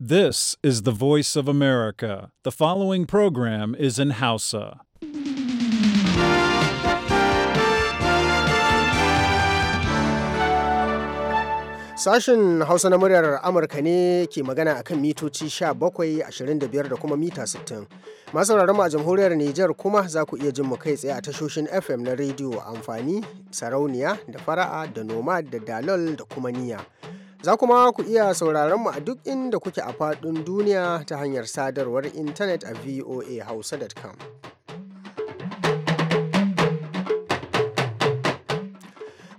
This is the voice of America. The following program is in Hausa. Sashen Hausa na muryar Amurka ne ke magana a kan mitoci 17, 25 da kuma mita 60. Masu mu a jamhuriyar Nijar kuma za ku iya jin mu kai tsaye a tashoshin FM na rediyo amfani, sarauniya da fara'a da nomad da dalol da kuma niya. Za kuma ku iya sauraron mu a duk inda kuke a faɗin duniya ta hanyar sadarwar intanet a voahausa.com.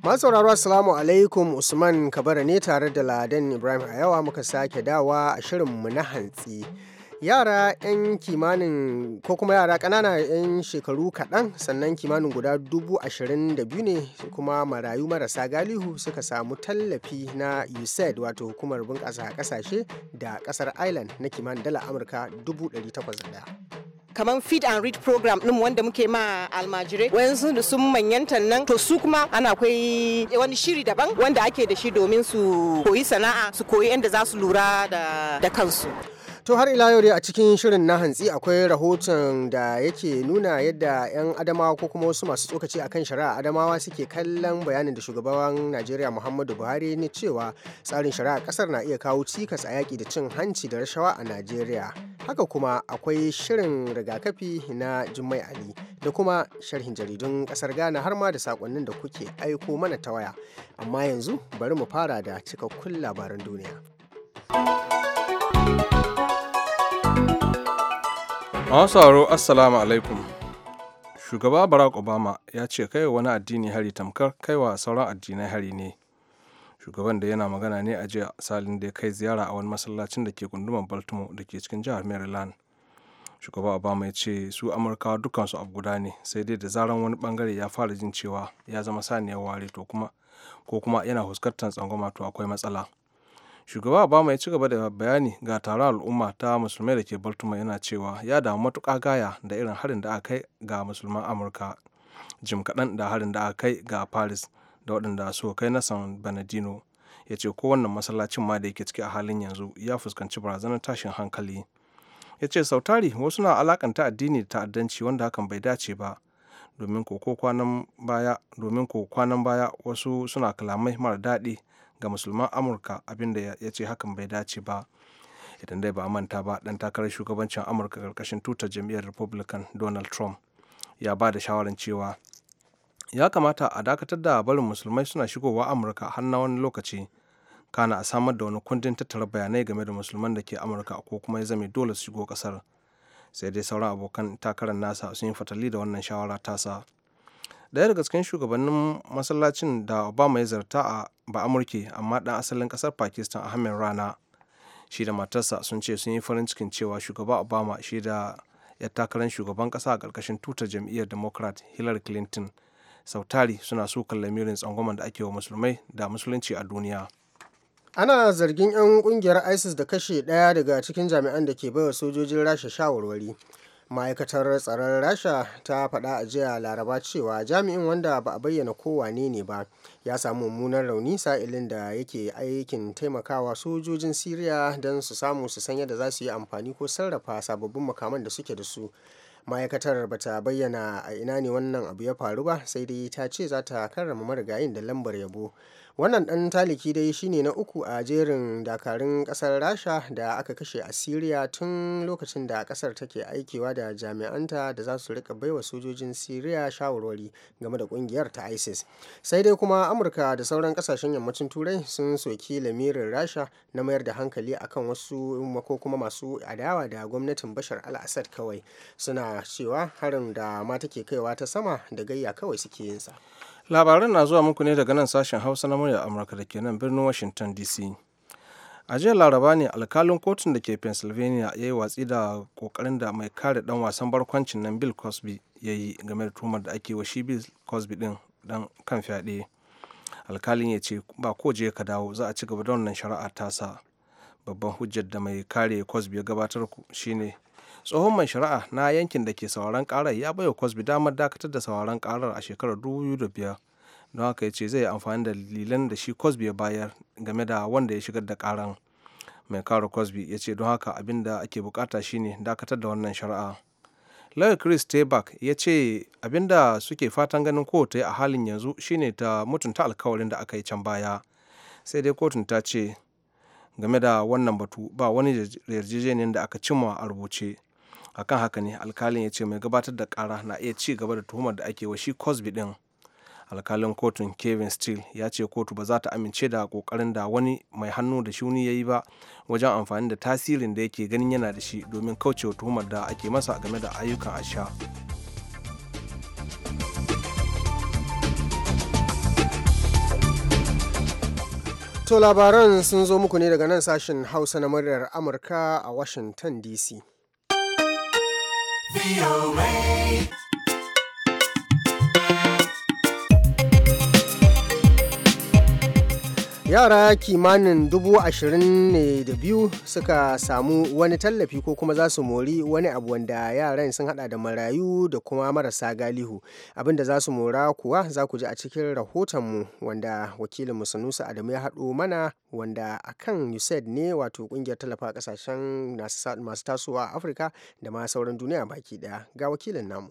Masu sauraro Assalamu alaikum Usman Kabara ne tare da Ladan Ibrahim a yawa muka sake dawa a shirin mu na hantsi. yara 'yan kimanin ko kuma yara kanana 'yan shekaru kaɗan sannan kimanin guda dubu ashirin da biyu ne kuma marayu marasa galihu suka samu tallafi na usaid wato hukumar bunƙasa ƙasashe da ƙasar island na kimanin dala amurka dubu ɗari takwas da kamar feed and read program ɗin wanda muke ma almajirai wayansu da sun manyanta nan to su kuma ana akwai wani shiri daban wanda ake da shi domin su koyi sana'a su koyi yadda za su lura da kansu To har ila yau a cikin shirin na hantsi akwai rahoton da yake nuna yadda 'yan adamawa ko kuma wasu masu tsokaci a kan shari'a adamawa suke kallon bayanin da shugaban Najeriya Muhammadu Buhari ne cewa tsarin shari'a kasar na iya kawo cikas a yaƙi da cin hanci da rashawa a Najeriya. Haka kuma akwai shirin rigakafi na Jummai Ali da kuma sharhin jaridun ƙasar Ghana har ma da sakonnin da kuke aiko mana ta waya. Amma yanzu bari mu fara da cikakkun labaran duniya. a wasu aro assalamu alaikum shugaba barack obama ya ce kai wani addini hari tamkar kaiwa sauran addinai hari ne shugaban da yana magana ne a jiya salin da ya kai ziyara a wani masallacin da ke gunduman baltimore da ke cikin jihar maryland shugaba obama ya ce su amurkawa dukansu abu guda ne sai dai da zaran wani bangare ya fara jin cewa ya zama saniyar ware to kuma ko kuma yana fuskantar tsangwama to akwai matsala shugaba obama ya ci gaba da bayani ga taron al'umma ta musulmai da ke baltimore yana cewa ya damu matuƙa gaya da irin harin da aka kai ga musulman amurka jim kaɗan da harin da aka kai ga paris da waɗanda suka kai na san benedino ya ce wannan masallacin ma da yake ciki a halin yanzu ya fuskanci barazanar tashin hankali ya ce sautari wasu na alakanta addini da ta'addanci wanda hakan bai dace ba domin baya domin ko kwanan baya wasu suna kalamai mara daɗi ga musulman amurka abinda ya ce hakan bai dace ba idan dai ba a manta ba dan takarar shugabancin amurka karkashin tutar jam'iyyar republican donald trump ya ba da shawarar cewa ya kamata a dakatar da barin musulmai suna shigowa amurka har na wani lokaci kana a samar da wani kundin tattara bayanai game da musulman da ke amurka ko kuma ya zame dole su shigo kasar sai dai sauran abokan takarar nasa sun yi fatali da wannan shawara tasa daya daga cikin shugabannin masallacin da obama ya zarta a amurke amma dan asalin kasar pakistan ahmed rana shi da matarsa sun ce sun yi farin cikin cewa shugaba obama shi da ya takarar shugaban kasa a karkashin tutar jam'iyyar democrat hillary clinton sautari suna so lamirin tsangwamar da ake wa musulmai da musulunci a duniya ana zargin 'yan kungiyar isis da kashe daya daga cikin jami'an da ke baiwa sojojin rasha shawarwari ma'aikatar tsaron rasha ta faɗa a jiya laraba cewa jami'in wanda ba a bayyana ko wane ne ba ya samu mummunan rauni sa'ilin da yake aikin taimakawa sojojin syria don su samu su san yadda za su yi amfani ko sarrafa sababbin makaman da suke da su ma'aikatar ba ta bayyana a ina ne wannan abu ya faru ba sai dai ta ce za ta karrama marigayin da lambar yabo wannan dan taliki dai shine na uku a jerin dakarun kasar rasha da aka kashe a siriya tun lokacin da kasar take aikewa da jami'anta da za su rika baiwa sojojin siriya shawarwari game da kungiyar ta isis sai dai kuma amurka da sauran kasashen yammacin turai sun soki lamirin rasha na mayar da hankali akan wasu ko kuma masu adawa da gwamnatin bashar al-assad kawai suna cewa harin da ma take kaiwa ta sama da gayya kawai suke yinsa. labaran na zuwa muku ne daga nan sashen hausa na murya amurka da ke nan birnin washington dc a jiya laraba ne alkalin kotun da ke pennsylvania ya yi watsi da kokarin da mai kare dan wasan barkwancin nan bill cosby ya yi game da tumar da ake washi shi bill cosby din dan kan fyaɗe alkalin ya ce ba ko je ka dawo za a ci gaba da wannan shari'a tasa babban hujjar da mai kare cosby ya gabatar shine tsohon mai shari'a na yankin da ke sauraron karar ya baiwa cosby damar dakatar da sauraron karar a shekarar 2005 don haka ya ce zai amfani da dalilan da shi cosby ya bayar game da wanda ya shigar da karar mai kare cosby ya ce don haka abin da ake bukata shine dakatar da wannan shari'a lawyer chris tebak ya ce abin da suke fatan ganin kotu a halin yanzu shine ta mutunta alkawarin da aka yi can baya sai dai kotun ta ce game da wannan batu ba wani yarjejeniyar da aka cimma a rubuce akan haka ne alkalin ya ce mai gabatar da kara na iya ci gaba da tuhumar da ake washi shi cosby din alkalin kotun kevin steele ya ce kotu ba za ta amince da kokarin da wani mai hannu da shuni ya yi ba wajen amfani da tasirin da yake ganin yana da shi domin kaucewa tuhumar da ake masa game da ayyukan asha to labaran sun zo muku ne daga nan sashen hausa na muryar amurka a washington dc VOA. yara kimanin dubu ashirin ne da biyu suka samu wani tallafi ko kuma za su mori wani abu wanda yaran sun hada da marayu da kuma marasa galihu abinda za su mora kuwa za ku ji a cikin rahotonmu wanda wakilin musunusa adamu ya haɗo mana wanda kan usaid ne wato kungiyar tallafa kasashen masu tasowa a afirka da ma sauran duniya baki daya ga wakilin namu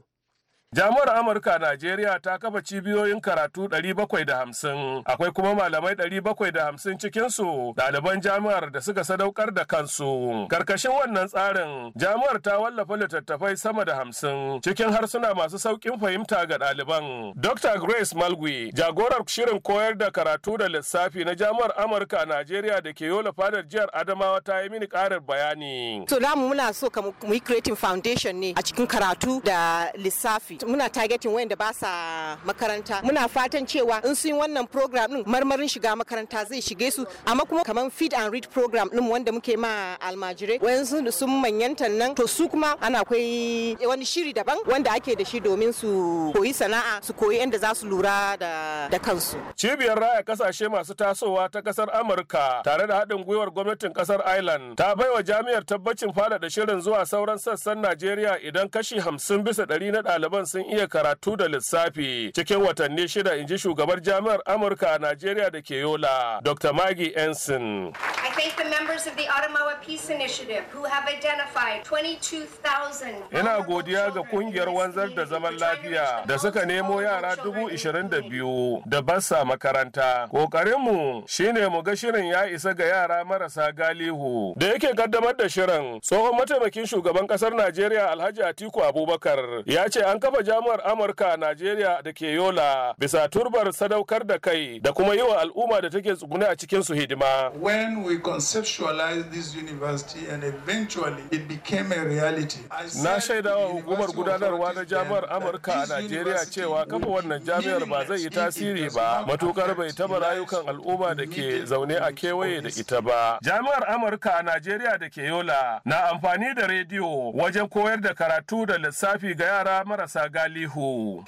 Jami'ar Amurka a Najeriya ta kafa cibiyoyin karatu bakwai da hamsin, akwai kuma malamai bakwai da hamsin cikinsu ɗaliban jami'ar da suka sadaukar da kansu. Karkashin wannan tsarin, jami'ar ta wallafa littattafai sama da hamsin cikin harsuna masu sauƙin fahimta ga ɗaliban. Dr. Grace Malgui, jagorar shirin koyar da karatu da lissafi na jami'ar Amurka a Najeriya da ke yola fadar jihar Adamawa ta yi mini ƙarin bayani. To, namu muna so mu yi creating foundation ne a cikin karatu da lissafi. muna targeting wayanda ba sa makaranta muna fatan cewa in sun wannan program din marmarin shiga makaranta zai shige su amma kuma kaman feed and read program din wanda muke ma almajirai wayansu sun manyanta nan to su kuma ana akwai wani shiri daban wanda ake da shi domin su koyi sana'a su koyi yadda za su lura da kansu cibiyar raya kasashe masu tasowa ta kasar amurka tare da haɗin gwiwar gwamnatin kasar ireland ta baiwa jami'ar tabbacin fada da shirin zuwa sauran sassan najeriya idan kashi hamsin bisa ɗari na ɗaliban sun iya karatu da lissafi cikin watanni shida in ji shugabar jami'ar Amurka a Najeriya da ke Yola, Dr. magi Ensign. thank the members of the Ottawa Peace Initiative who have identified 22,000 Ina godiya ga kungiyar wanzar da zaman lafiya da suka nemo yara dubu ishirin da biyu da basa makaranta. Kokarinmu shine mu ga shirin ya isa ga yara marasa galihu. Da yake kaddamar da shirin, tsohon mataimakin shugaban kasar Najeriya Alhaji Atiku Abubakar ya ce an kafa wa jami'ar Amurka a Najeriya da ke Yola bisa turbar sadaukar da kai da kuma yi wa al'umma da take tsugune a cikin su hidima. When we conceptualized this university and eventually it became a reality. Na shaida wa hukumar gudanarwa na jami'ar Amurka a Najeriya cewa kafa wannan jami'ar ba zai yi tasiri ba matukar bai taba rayukan al'umma da ke zaune a kewaye da ita ba. Jami'ar Amurka a Najeriya da ke Yola na amfani da rediyo wajen koyar da karatu da lissafi ga yara marasa Galihu.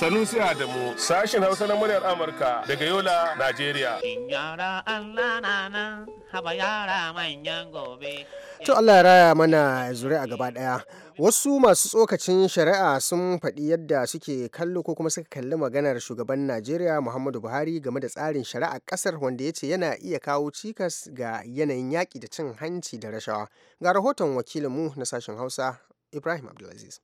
Sanu Sanusi Adamu, sashen Hausa na muryar Amurka daga Yola, Najeriya. To Allah ya raya mana zuri'a gaba ɗaya. Wasu masu tsokacin shari'a sun faɗi yadda suke kallo ko kuma suka kalli maganar shugaban Najeriya Muhammadu Buhari game da tsarin shari'a ƙasar wanda ya ce yana iya kawo cikas ga yanayin yaƙi da cin hanci da rashawa. Ga rahoton wakilinmu na sashen Hausa Ibrahim Abdulaziz.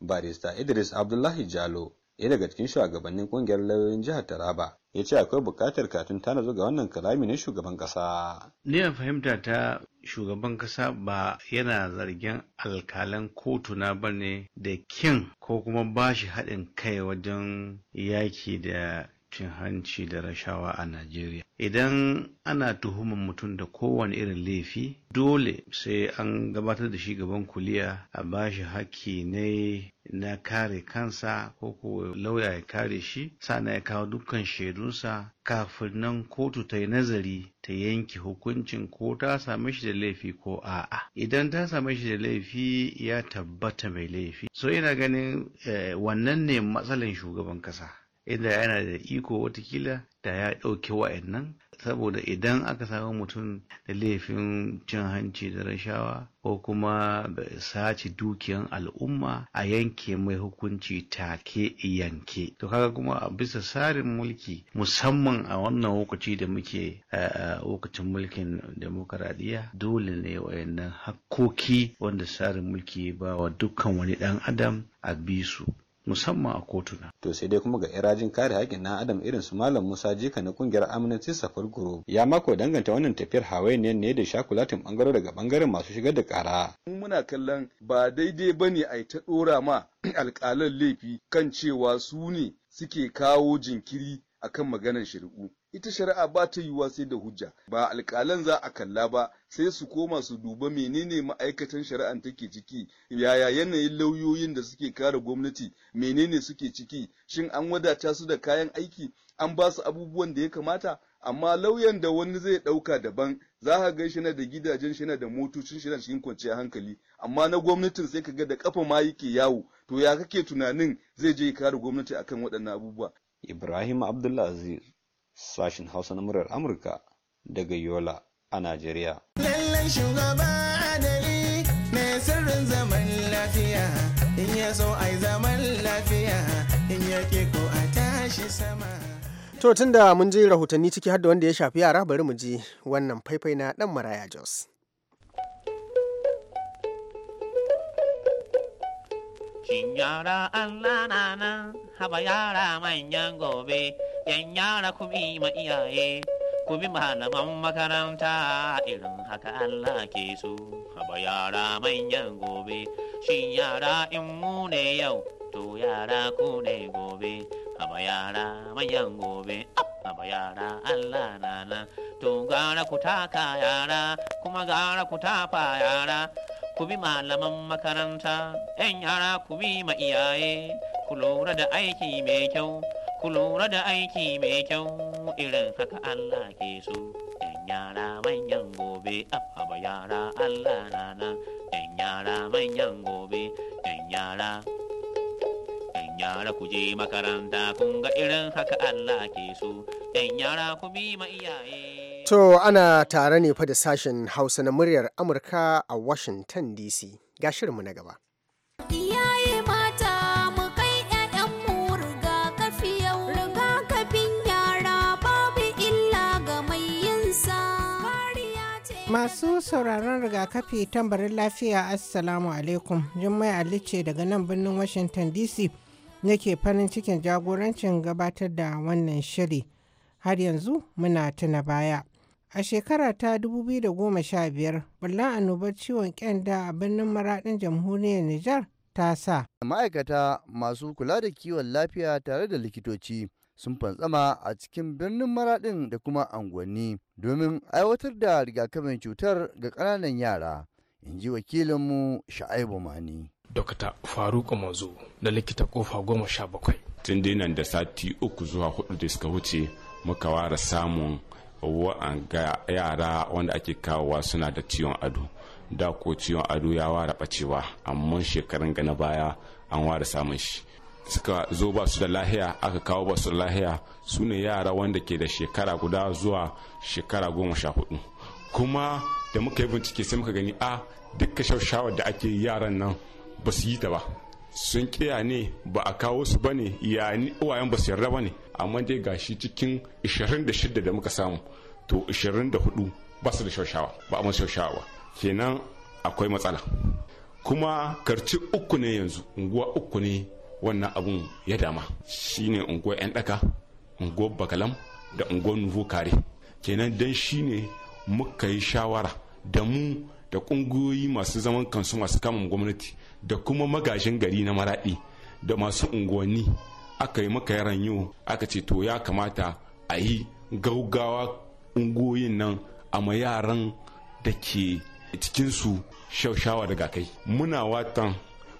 Barista Idris Abdullahi Jalo ya daga cikin shugabannin kungiyar lauyoyin jihar Taraba ya ce akwai buƙatar katun tana zo ga wannan kalami na shugaban ƙasa. Ni a fahimta ta shugaban ƙasa ba yana zargin alkalan kotuna ba ne da kin ko kuma ba shi haɗin kai wajen yaki da cin hanci da rashawa a Najeriya. Idan ana tuhuman mutum da kowane irin laifi, dole sai an gabatar da shi gaban kuliya a bashi haƙƙi ne na kare kansa ko ko lauya ya kare shi, sana ya kawo dukkan shaidunsa kafin nan kotu ta yi nazari ta yanke hukuncin ko ta same shi da laifi ko a'a. Idan ta same shi da laifi ya tabbata mai laifi. So ina ganin eh, wannan ne matsalin shugaban kasa. inda yana da iko watakila da ya ɗauki wa'annan saboda idan aka samu mutum da laifin cin hanci da rashawa ko kuma sace dukiyan al'umma a yanke mai hukunci take yanke to kaga kuma a bisa tsarin mulki musamman a wannan lokaci da muke eh, lokacin mulkin demokaradiyya dole ne wayannan hakkoki wanda tsarin mulki ba wa dukkan wani dan adam a bisu musamman a kotuna. To sai dai kuma ga irajin kare haƙƙin na adam irin su Malam Musa Jika na kungiyar Amnesty Safar Group ya mako danganta wannan tafiyar hawainiyar ne da shakulatin ɓangare daga bangaren masu shigar da ƙara. Muna kallon ba daidai ba ne a yi ta ɗora ma alƙalan laifi kan cewa su ne suke kawo jinkiri akan maganar shari'u ita shari'a ba ta yiwuwa sai da hujja ba alƙalan za a kalla ba sai su koma su duba menene ma'aikatan shari'an take ciki yaya yanayin lauyoyin da suke kare gwamnati menene suke ciki shin an wadata su da kayan aiki an ba su abubuwan da ya kamata amma lauyan da wani zai ɗauka daban za ka gan shi na da gidajen shi na da motocin shi na cikin kwanciyar hankali amma na gwamnatin sai ka ga da kafa ma yake yawo to ya kake tunanin zai je kare gwamnati akan waɗannan abubuwa Ibrahim Abdulaziz Sashen Hausa na murar Amurka daga Yola a Najeriya. Lallai shugaba adali ne sirrin zaman lafiya, in ya so ai zaman lafiya, in ya ke ko a tashi sama. To tun da mun je rahotanni ciki har da wanda ya shafi yara bari mu ji wannan faifai na ɗan Maraya Jos. Shin yara Allah na nan, haba yara manyan gobe, yan yara ku bi ma iyaye ku bi malaman makaranta irin haka Allah ke so haba yara manyan gobe shi yara in mu ne yau to yara ku ne gobe haba yara manyan gobe haba yara Allah nana to gara ku taka yara kuma gara ku tafa yara ku bi malaman makaranta yan yara ku bi ma iyaye ku lura da aiki mai kyau ku lura da aiki mai kyau irin haka Allah ke so. ‘Yan yara manyan gobe, abba yara Allah nana, ‘yan yara manyan gobe, ‘yan yara. ‘Yan yara ku je makaranta kun ga irin haka Allah ke so, ‘yan yara ku bi ma iyaye. To ana tare ne fa da sashen Hausa na muryar Amurka a Washington DC. Ga shirinmu na gaba. Masu sauraron rigakafi tambarin lafiya Assalamu alaikum Jummai Ali ce daga nan birnin Washington DC nake farin cikin jagorancin gabatar da wannan shiri. Har yanzu muna tuna baya. A shekara ta 2015, bulla annobar ciwon kyanda a birnin maradin jamhuriyar Nijar ta sa. Ma'aikata masu kula da kiwon lafiya tare da likitoci sun fantsama a cikin birnin maraɗin da kuma unguwanni domin aiwatar da rigakafin cutar ga ƙananan yara in ji wakilinmu sha'aibu mani dokta faruk mazu na likita kofa goma sha bakwai tun dinan da sati uku zuwa hudu da suka wuce muka ware samun ga yara wanda ake kawowa suna da ciwon ado da ko ciwon ado ya ware bacewa amma shekarun ga na baya an ware samun shi suka zo ba su da lahiya aka kawo ba su da lahiya su ne yara wanda ke da shekara guda zuwa shekara goma sha hudu kuma da muka yi bincike sai muka gani a duka shawar da ake yaran nan ba su yi ta ba sun kiya ne ba a kawo su ba ne ya uwayen ba su yarda ba ne amma dai gashi cikin 26 da muka samu to 24 ba su da shaushawa ba a masu ba kenan akwai matsala kuma karci uku ne yanzu unguwa uku ne wannan abun ya dama shine unguwar 'yan daka unguwar bakalam da unguwar nuvo kare kenan dan shine muka yi shawara da mu da kungiyoyi masu zaman kansu masu kamun gwamnati da kuma magajin gari na maraɗi da masu unguwanni aka yi maka yaran yau aka ce to ya kamata a yi gaugawa unguwoyin nan a ma yaran da ke cikinsu shaushawa daga kai muna watan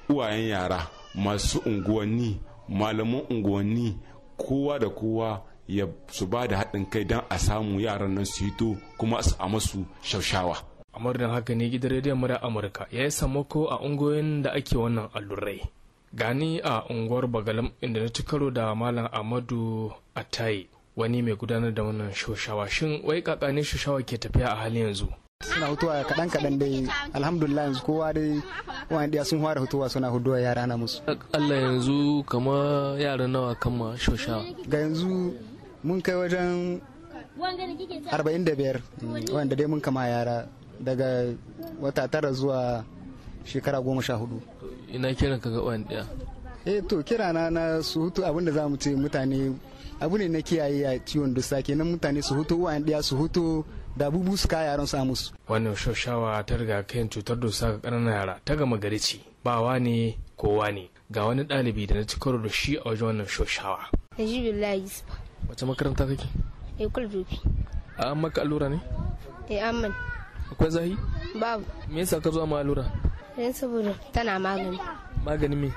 uwayen yara masu unguwanni malaman unguwanni kowa da kowa ya su ba da haɗin kai don a samu yaran nan su hito kuma su a masu shaushawa. a murnar haka ne gidan rediyon murya amurka ya yi samako a ungoyin da ake wannan allurai gani a unguwar bagalam inda na ci karo da malam amadu atai wani mai gudanar da wannan shaushawa shin wai kaka ne shaushawa ke tafiya a halin yanzu suna hutuwa kaɗan kaɗan dai alhamdulillah yanzu kowa dai wani ɗaya sun fara hutuwa suna wa yara na musu Allah yanzu kama yara nawa kama shosha ga yanzu mun kai wajen 45 mm, wanda dai mun kama yara daga wata tara zuwa shekara goma sha hudu ina kiran ka ga wani ɗaya eh to kira na na su hutu abinda za mu ce mutane abu ne na kiyaye a ciwon dusa kenan mutane su hutu wani ɗaya su hutu da bubu su kaya yaran samu su. wannan shoshawa ta riga kayan cutar dusa ga ƙananan yara ta gama gari ce wa ne wa ne ga wani ɗalibi da na ci karo da shi a wajen wannan shoshawa yanzu su ba. wace makaranta kake ekul dubi a an maka allura ne eh amman akwai zahi babu me yasa ka zo ma allura Yan saboda tana magani magani me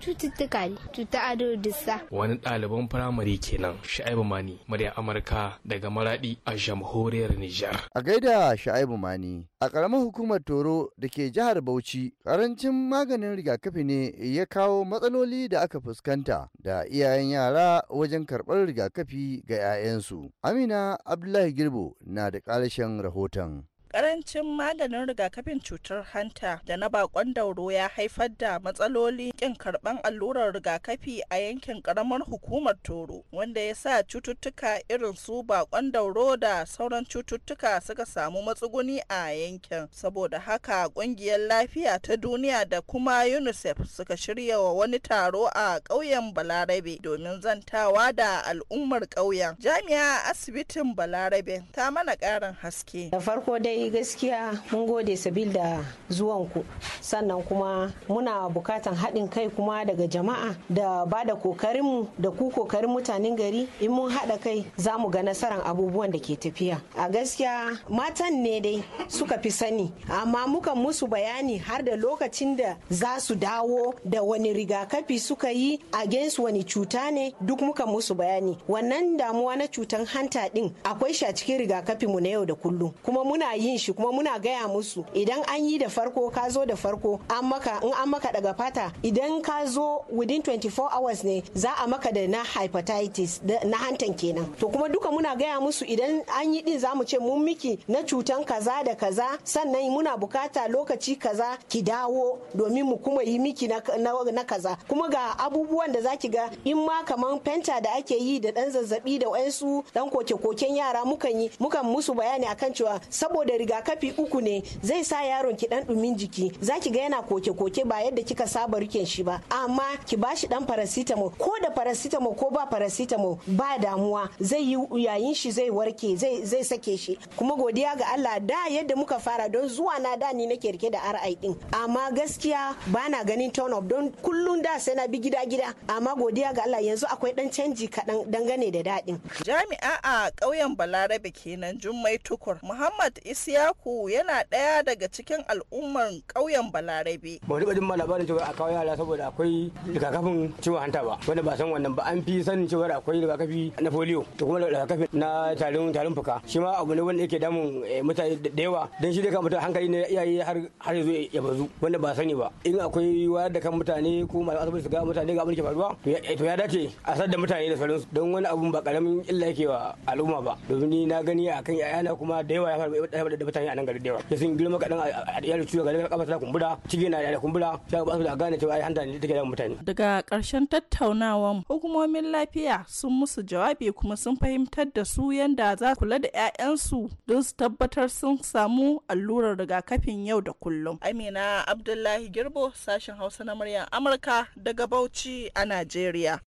cututtuka ne cuta ado dissa wani ɗaliban firamare kenan sha'ibu mani murya amurka daga maradi a jamhuriyar nijar a gaida sha'ibu mani a ƙaramin hukumar toro da ke jihar bauchi ƙarancin maganin rigakafi ne ya kawo matsaloli da aka fuskanta da iyayen yara wajen karɓar rigakafi ga 'ya'yansu amina abdullahi girbo na da ƙarshen rahoton Karancin maganin rigakafin cutar hanta da na bakon dauro ya haifar da matsaloli kin karban allurar rigakafi a yankin karamar hukumar Toro, wanda ya sa cututtuka irin su bakon dauro da sauran cututtuka suka samu matsuguni a yankin. Saboda haka kungiyar lafiya ta duniya da kuma UNICEF suka shirya wa wani taro a ƙauyen Balarabe domin zantawa da al'ummar ƙauyen. Jami'a asibitin Balarabe ta mana ƙarin haske. Da farko dai yi eh, gaskiya mun gode sabil da zuwanku sannan kuma muna bukatan haɗin kai kuma daga jama'a da ba da kokarinmu da ku kokarin mutanen gari in mun haɗa kai za mu ga nasarar abubuwan da ke tafiya a gaskiya matan ne dai suka fi sani amma muka musu bayani har da lokacin da za su dawo da wani rigakafi suka yi a against wani cuta ne duk muka musu bayani wannan damuwa na cutan hanta ɗin akwai shi a cikin mu na yau da kullum kuma muna yi jin shi kuma muna gaya musu idan an yi da farko ka zo da farko an maka in an maka daga fata idan ka zo within 24 hours ne za a maka da na hepatitis na hantan kenan to kuma duka muna gaya musu idan an yi din za mu ce mun miki na cutan kaza da kaza sannan muna bukata lokaci kaza ki dawo domin mu kuma yi miki na, kaza kuma ga abubuwan da zaki ga in ma kaman fenta da ake yi da dan zazzabi da wayansu dan koke-koken yara mukan yi mukan musu bayani akan cewa saboda rigakafi uku ne zai sa yaron ki dan dumin jiki zaki ga yana koke koke ba yadda kika saba riken shi ba amma ki ba shi dan paracetamol ko da paracetamol ko ba paracetamol ba damuwa zai yi yayin shi zai warke zai zai sake shi kuma godiya ga Allah da yadda muka fara don zuwa na da ni nake rike da RI din amma gaskiya bana ganin turn up don kullun da sai na bi gida gida amma godiya ga Allah yanzu akwai dan canji kaɗan dangane da daɗin. Jami'a a ƙauyen Balarabe kenan Jummai Tukur Muhammad Isi Siyaku yana ɗaya daga cikin al'ummar ƙauyen Balarabe. Ba wani ma da cewa a kawo yara saboda akwai rigakafin ciwon hanta ba wanda ba san wannan ba an fi sanin cewa akwai rigakafi na polio da kuma rigakafi na tarin tarin fuka shi ma abu ne wanda yake damun eh, mutane da yawa don shi dai kan mutum hankali ne iyaye har har yanzu ya bazu wanda ba sani ba in akwai wayar da kan mutane ko malaman asibiti su ga mutane ga abin ke faruwa eh, to ya dace a sadda mutane da sauransu don wani abun ba karamin illa yake wa al'umma ba domin ni na gani akan yayana kuma da yawa ya faru da mutane a nan gari da yawa da sun girma kaɗan a iyalin ciwo ga kafa ta kumbura ciki na da kumbura sai ba su da gane cewa ai hanta ne take da mutane daga ƙarshen tattaunawar hukumomin lafiya sun musu jawabi kuma sun fahimtar da su yanda za kula da 'ya'yansu don su tabbatar sun samu allurar rigakafin yau da kullum amina abdullahi girbo sashen hausa na muryar amurka daga bauchi a najeriya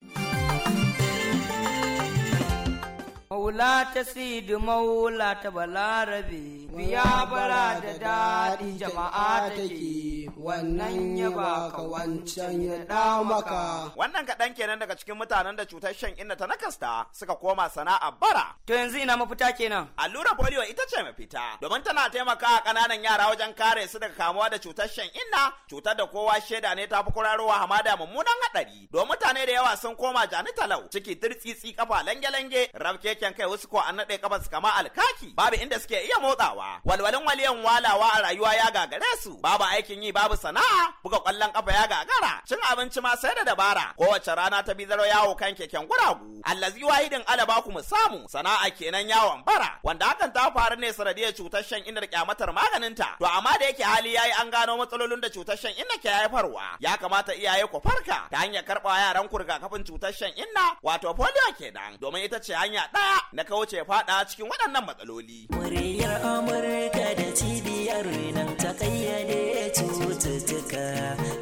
maula ta sidi maula ta balarabe biya bara da daɗi jama'a take wannan ya baka wancan ya ɗa maka. Wannan kaɗan kenan daga cikin mutanen da cutar shan inna ta nakasta suka koma sana'a bara. To yanzu ina mafita kenan. Allurar polio ita ce mafita domin tana taimakawa ƙananan yara wajen kare su daga kamuwa da cutar shan inna cutar da kowa shaida ne ta fi kurarowa hamada mummunan haɗari. Don mutane da yawa sun koma jani talau ciki tirtsitsi kafa lange-lange rafkeken kai wasu ko an naɗe kafa su kama alkaki babu inda suke iya motsawa. walawa walwalin waliyan walawa a rayuwa ya gagare su babu aikin yi babu sana'a buga kwallon kafa ya gagara cin abinci ma sai da dabara kowace rana ta bizaro yawo kan keken guragu allazi wahidin alaba ku mu samu sana'a kenan yawon bara wanda hakan ta faru ne sanadiyar cutar shan inar kyamatar maganinta to amma da yake hali yayi an gano matsalolin da cutar shan inna ke haifarwa ya kamata iyaye ku farka ta hanyar karba yaran ku rigakafin cutar shan inna wato polio kenan domin ita ce hanya ɗaya na kauce faɗa cikin waɗannan matsaloli. Muryar amurka da cibiyar nan ta kayyade cututtuka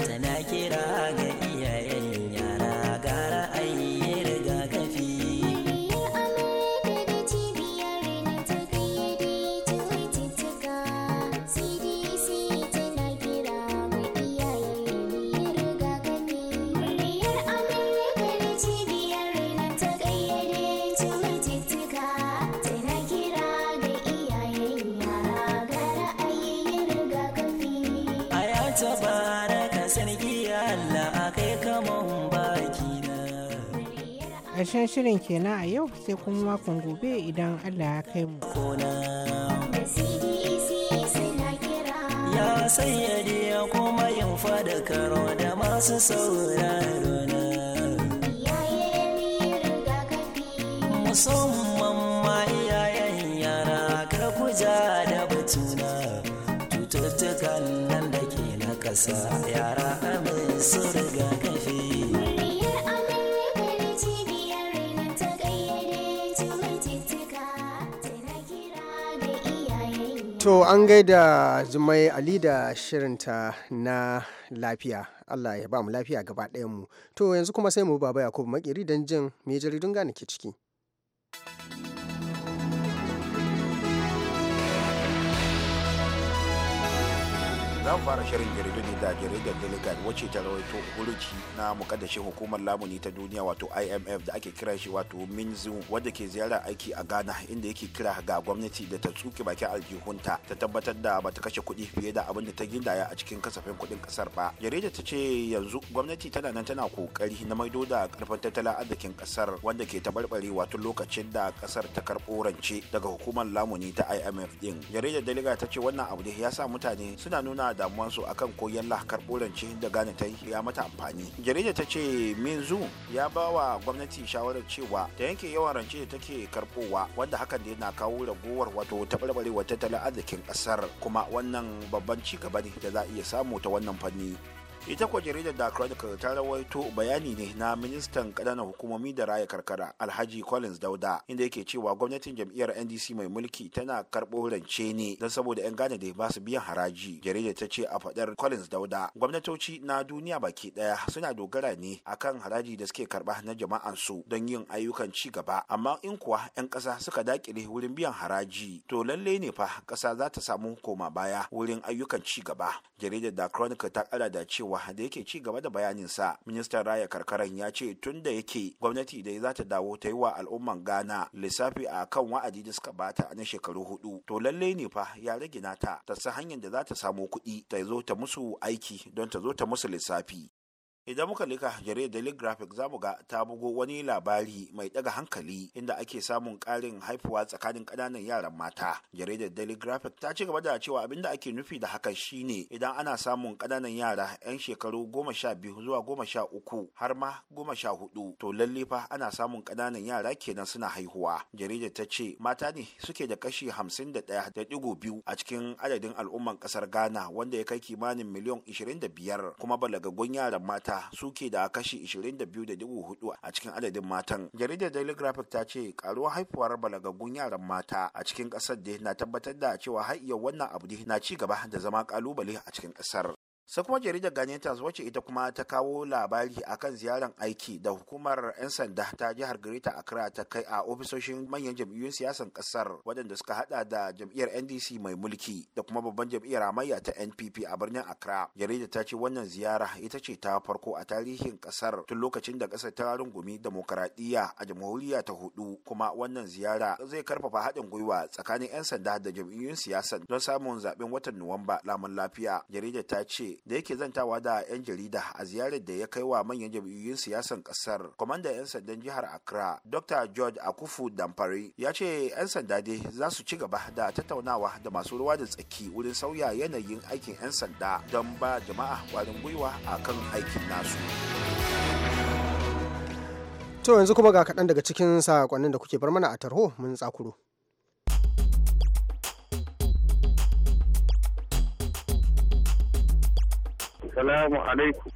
tana kira ga ƙarshen shirin kenan a yau sai kuma makon gobe idan Allah ya kai mu. Ya ya kuma yin fadakarwa da masu sauraro Musamman ma iyayen yara kar ku da batuna cututtukan nan da ke na ƙasa yara amin su rigakafi. To an gaida Jumai Ali da shirinta na lafiya. Allah ya ba mu lafiya gaba mu To yanzu kuma sai mu baba Yakubu makiri don jin me jaridun gane ke ciki. zan fara shirin jaridu ne da jaridar delegat wacce ta rawaito huruci na mukaddashin hukumar lamuni ta duniya wato imf da ake kira shi wato minzu wadda ke ziyara aiki a ghana inda yake kira ga gwamnati da ta tsuke bakin aljihunta ta tabbatar da bata kashe kuɗi fiye da abin da ta gindaya a cikin kasafin kuɗin kasar ba jarida ta ce yanzu gwamnati tana nan tana kokari na maido da karfin tattalin arzikin kasar wanda ke taɓarɓare wato lokacin da kasar ta karɓo rance daga hukumar lamuni ta imf din jaridar delegat ta ce wannan abu ne ya sa mutane suna nuna nuna su akan koyon lahkar rance da gane ta ya mata amfani jarida ta ce minzu ya ba wa gwamnati shawarar cewa ta yanke yawan rance da take karbowa wanda hakan da yana kawo raguwar wato taɓarɓarewar tattalin arzikin ƙasar kuma wannan babban ci gaba ne da za a iya samu ta wannan fanni ita kuwa jaridar da chronicle ta rawaito bayani ne na ministan kananan hukumomi da raya karkara alhaji collins dauda inda yake cewa gwamnatin jam'iyyar ndc mai mulki tana karɓo rance ne don saboda 'yan gane da ba su biyan haraji jaridar ta ce a faɗar collins dauda gwamnatoci na duniya baki ɗaya suna dogara ne akan haraji da suke karɓa na jama'ansu don yin ayyukan ci gaba amma in kuwa 'yan ƙasa suka dakile wurin biyan haraji to lallai ne fa ƙasa za ta samu koma baya wurin ayyukan ci gaba jaridar da chronicle ta ƙara da cewa samarwa da yake ci gaba da sa, ministan raya karkaran ya ce tun da yake gwamnati dai za ta dawo ta yi wa al'umman ghana lissafi a kan wa'adi da suka bata na shekaru hudu to lalle ne fa ya rage nata ta sa hanyar da za ta samo kuɗi ta zo ta musu aiki don ta zo ta musu lissafi idan muka lika jaridar daily graphic za mu ga ta bugo wani labari mai daga hankali inda ake samun karin haifuwa tsakanin kananan yaran mata jaridar daily graphic ta ci gaba da cewa abinda ake nufi da hakan shine idan ana samun kananan yara yan shekaru goma sha biyu zuwa goma sha uku har ma goma sha hudu to lalle fa ana samun kananan yara kenan suna haihuwa jaridar ta ce mata ne suke da kashi hamsin da ɗaya da digo biyu a cikin adadin al'umman kasar ghana wanda ya kai kimanin miliyan ishirin da biyar kuma balagaggun yaran mata mata suke da kashi 22.4 a cikin adadin matan jaridar daily graphic ta ce karuwar haifuwar balagagun yaran mata a cikin kasar da na tabbatar da cewa har iya wannan abu na ci gaba da zama kalubale a cikin kasar sai kuma jaridar ganyentas wacce ita kuma ta kawo labari akan ziyarar aiki da hukumar 'yan sanda ta jihar greta accra ta kai a ofisoshin manyan jam'iyyun siyasan kasar wadanda suka hada da jam'iyyar ndc mai mulki da kuma babban jam'iyyar hamayya ta npp a birnin akra jaridar ta ce wannan ziyara ita ce ta farko a tarihin kasar tun lokacin da kasar ta rungumi demokaradiyya a jamhuriya ta hudu kuma wannan ziyara zai karfafa haɗin gwiwa tsakanin 'yan sanda da jam'iyyun siyasan don samun zaben watan nuwamba lamun lafiya jaridar ta ce da yake zantawa da 'yan jarida a ziyarar da ya kai wa manyan jam'iyyun siyasan kasar kwamandan 'yan sandan jihar accra dr george akufu damfari ya ce 'yan sanda dai za su ci gaba da tattaunawa da masu ruwa da tsaki wurin sauya yanayin aikin 'yan sanda don ba jama'a kwarin gwiwa a kan aikin nasu to yanzu kuma ga kaɗan daga cikin sakonnin da kuke bar mana a tarho mun tsakuro Salamu alaikum.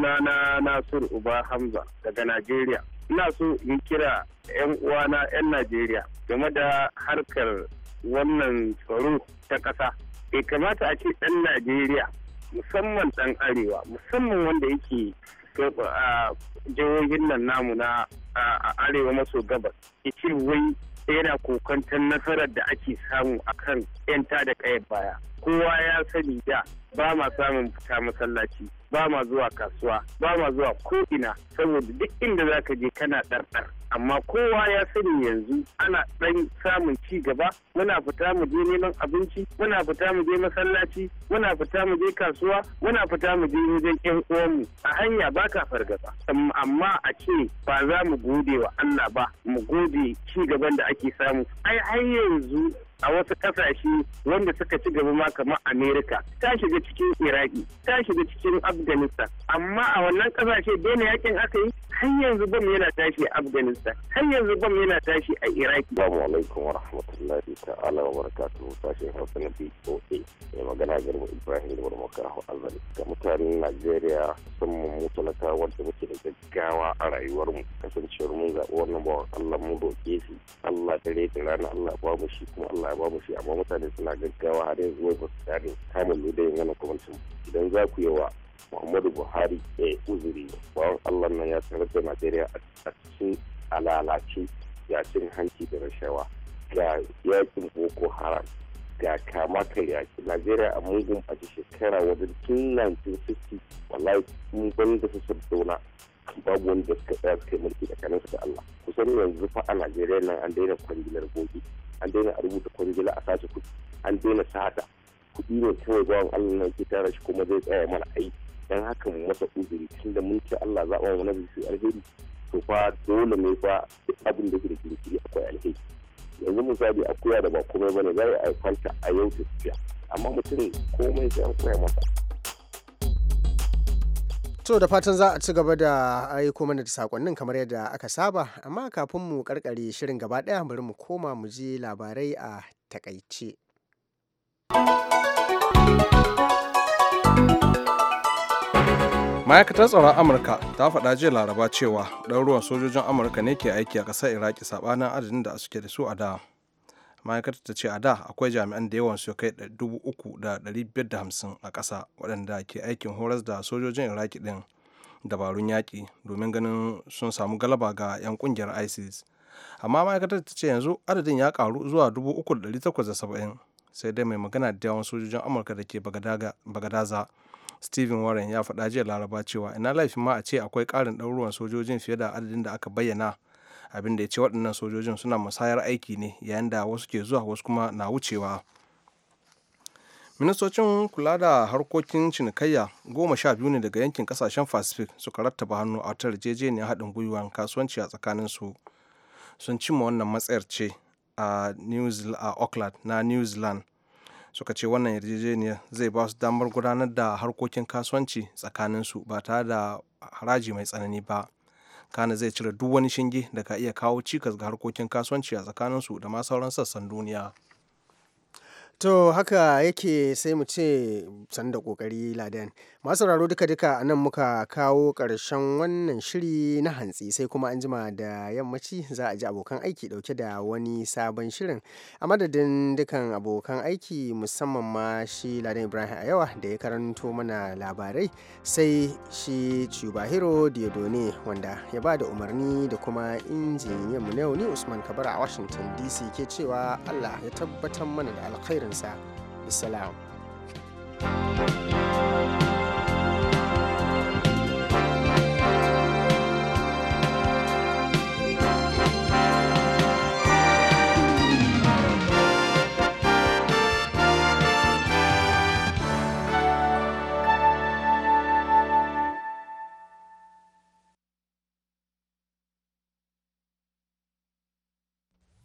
na Nasir Uba Hamza daga Najeriya. Ina so in kira 'yan uwana 'yan Najeriya game da harkar wannan tsaro ta ƙasa. Bai kamata a ce ɗan Najeriya musamman ɗan Arewa musamman wanda yake jihohin nan namu na Arewa maso gabas. Ya wai yana kokantar nasarar da ake samu akan 'yanta da ƙayar baya. Kowa ya sani da ba ma samun fita masallaci ba ma zuwa kasuwa ba ma zuwa ko'ina saboda duk inda za ka je kana ɗarɗar amma kowa ya sani yanzu ana ɗan samun ci gaba muna fita mu je neman abinci muna fita mu je masallaci muna fita mu je kasuwa muna fita mu je wajen ƴan uwanmu a hanya ba ka fargaba amma a ce ba za mu gode wa Allah ba mu gode ci gaban da ake samu ai har yanzu a wasu kasashe wanda suka ci gaba ma kamar amerika ta shiga cikin iraki ta shiga cikin afghanistan amma a wannan kasashe daina yakin aka yi har yanzu bam yana tashi a afghanistan har yanzu bam yana tashi a iraki assalamu alaikum wa rahmatullahi ta'ala wa barakatuhu sashen hausa na boa mai magana garba ibrahim da marmaka azali ga mutanen najeriya sun mu talaka wanda muke da gaggawa a rayuwarmu kasancewar mun zaɓi wannan bawan allah mu roƙe shi allah dare da rana allah ba mu shi kuma Allah ba mu shi amma mutane suna gaggawa har yanzu wai ba su kamar da ludayin yana gwamnatin idan za ku wa Muhammadu Buhari ya eh, uzuri bawan Allah nan ya sanar da Najeriya a cikin alalace ya cin hanci da rashawa ga yakin Boko Haram ga kama yaki Najeriya a mugun a shekara wajen tun 1960 wallahi mun ban da su zauna babu wanda suka tsaya suka yi mulki tsakaninsu da Allah kusan yanzu fa a Najeriya nan an daina kwangilar gobe an daina a rubuta kwangila a sace kuɗi an daina sata kuɗi ne kawai bawan Allah na ke tara shi kuma zai tsaya mana aiki dan haka mu masa uzuri da mun ce Allah zaɓa wani zai su alheri to fa dole ne fa abin da ke da kirkiri akwai alheri yanzu misali akuya da ba komai bane za a kwanta a yau tafiya amma mutum komai sai an koya masa To da fatan za a ci gaba da aiko mana da sakonnin kamar yadda aka saba, amma kafin mu karkare shirin gaba ɗaya bari mu koma mu ji labarai a takaice. ma'aikatar tsaron amurka ta faɗa jiya laraba cewa ruwan sojojin amurka ne ke aiki a ƙasar iraki saɓanin adadin da suke da su a da ma'aikatar ta ce a da akwai jami'an da yawan su kai hamsin a ƙasa waɗanda ke aikin horas da sojojin iraki ɗin dabarun yaƙi domin ganin sun samu galaba ga 'yan ƙungiyar isis amma ma'aikatar ta ce yanzu adadin ya ƙaru zuwa 3,870 sai dai mai magana da yawan sojojin amurka da ke bagadaza steven warren ya faɗa jiya laraba cewa ina laifin ma a ce akwai ƙarin ɗaruruwan sojojin fiye da adadin da aka bayyana abin da ya ce waɗannan sojojin suna musayar aiki ne yayin da wasu ke zuwa wasu kuma na wucewa ministocin kula da harkokin cinikayya goma sha biyu ne daga yankin kasashen pacific suka rattaba hannu a wata yarjejeniyar haɗin gwiwa kasuwanci a su sun cimma wannan matsayar ce a auckland na new zealand suka ce wannan yarjejeniyar zai ba su damar gudanar da harkokin kasuwanci tsakaninsu ba tare da haraji mai tsanani ba kana zai cire duk wani shinge da ka iya kawo cikas ga harkokin kasuwanci a tsakaninsu da ma sauran sassan duniya. To haka yake sai mu ce sanda kokari Laden. Masu sauraro duka-duka a nan muka kawo ƙarshen wannan shiri na hantsi sai kuma an jima da yammaci za a ji abokan aiki ɗauke da wani sabon shirin. A madadin dukan abokan aiki musamman ma shi Laden Ibrahim Ayawa da ya karanto mana labarai sai shi Chubahiro Diodone wanda ya ba da umarni da kuma injiniyan mu na yau ne Usman Kabara a Washington DC ke cewa Allah ya tabbatar mana da alkhairin Shinsa. Salam.